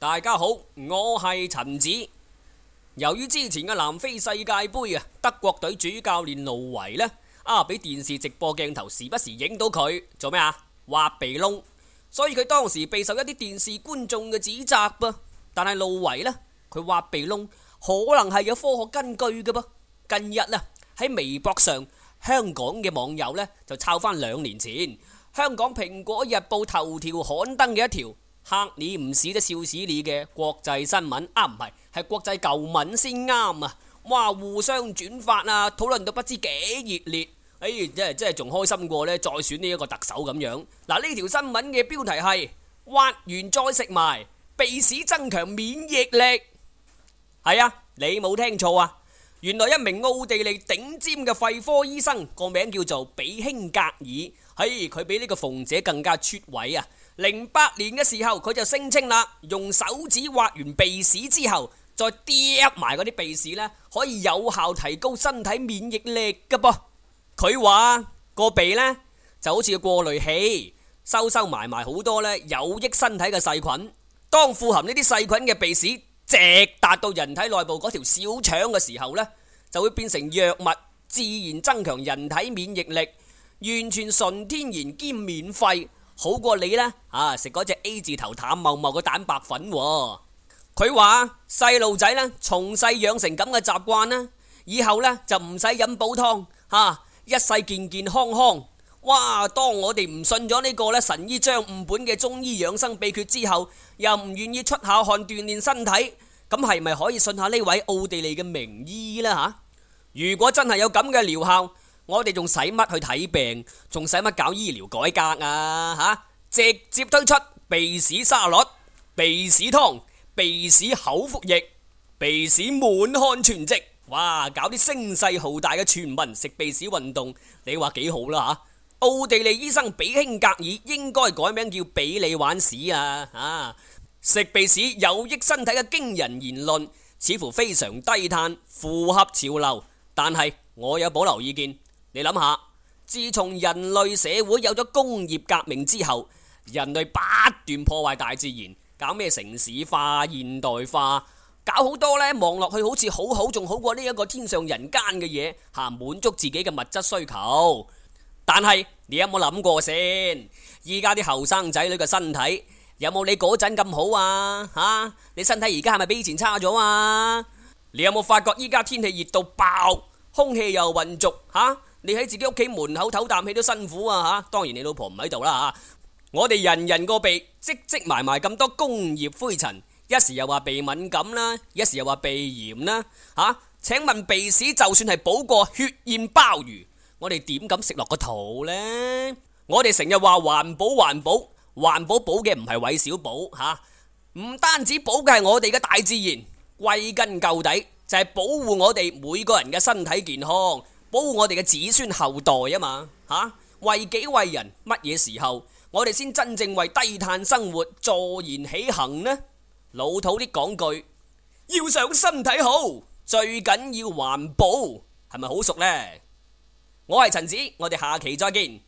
大家好，我係陳子。由於之前嘅南非世界盃啊，德國隊主教練盧維呢，啊，俾電視直播鏡頭時不時影到佢做咩啊？挖鼻窿，所以佢當時備受一啲電視觀眾嘅指責噃、啊。但係盧維呢，佢挖鼻窿可能係有科學根據嘅噃、啊。近日啊，喺微博上，香港嘅網友呢，就抄翻兩年前香港蘋果日報頭條刊登嘅一條。吓你唔死都笑死你嘅國際新聞啊，唔係係國際舊聞先啱啊！哇，互相轉發啊，討論到不知幾熱烈。唉、哎，真係仲開心過呢，再選呢一個特首咁樣。嗱、啊，呢條新聞嘅標題係挖完再食埋鼻屎增強免疫力。係啊，你冇聽錯啊！原來一名奧地利頂尖嘅肺科醫生個名叫做比興格爾。嘿、哎，佢比呢個鳳姐更加出位啊！零八年嘅時候，佢就聲稱啦，用手指挖完鼻屎之後，再滴埋嗰啲鼻屎呢，可以有效提高身體免疫力嘅噃。佢話個鼻呢，就好似個過濾器，收收埋埋好多呢有益身體嘅細菌。當富含呢啲細菌嘅鼻屎直達到人體內部嗰條小腸嘅時候呢，就會變成藥物，自然增強人體免疫力，完全純天然兼免費。好過你啦，啊食嗰隻 A 字頭淡茂茂個蛋白粉，哦，佢話，細路仔呢，從細養成咁嘅習慣呢，以後呢就唔使飲補湯，吓、啊、一世健健康康。哇！當我哋唔信咗呢個呢神醫張悟本嘅中醫養生秘訣之後，又唔願意出下汗鍛煉身體，咁係咪可以信下呢位奧地利嘅名醫呢？吓、啊，如果真係有咁嘅療效。我哋仲使乜去睇病？仲使乜搞醫療改革啊？吓、啊，直接推出鼻屎沙律、鼻屎湯、鼻屎口服液、鼻屎滿漢全席，哇！搞啲聲勢浩大嘅全民食鼻屎運動，你話幾好啦、啊？吓，奧地利醫生比興格爾應該改名叫比你玩屎啊！吓、啊，食鼻屎有益身體嘅驚人言論，似乎非常低碳，符合潮流，但係我有保留意見。你諗下，自從人類社會有咗工業革命之後，人類不斷破壞大自然，搞咩城市化、現代化，搞好多呢，望落去好似好好，仲好過呢一個天上人間嘅嘢吓，滿足自己嘅物質需求。但係你有冇諗過先？依家啲後生仔女嘅身體有冇你嗰陣咁好啊？吓、啊，你身體而家係咪比以前差咗啊？你有冇發覺依家天氣熱到爆，空氣又渾濁吓？啊你喺自己屋企門口唞啖氣都辛苦啊！吓，當然你老婆唔喺度啦！吓、啊，我哋人人個鼻積積埋埋咁多工業灰塵，一時又話鼻敏感啦，一時又話鼻炎啦，吓、啊，請問鼻屎就算係補過血燕鮑魚，我哋點敢食落個肚呢？我哋成日話環保，環保，環保保嘅唔係韋小寶吓，唔、啊、單止保嘅係我哋嘅大自然，歸根究底就係、是、保護我哋每個人嘅身體健康。保護我哋嘅子孫後代嘛，啊嘛吓，為己為人，乜嘢時候我哋先真正為低碳生活坐言起行呢？老土啲講句，要想身體好，最緊要環保，係咪好熟呢？我係陳子，我哋下期再見。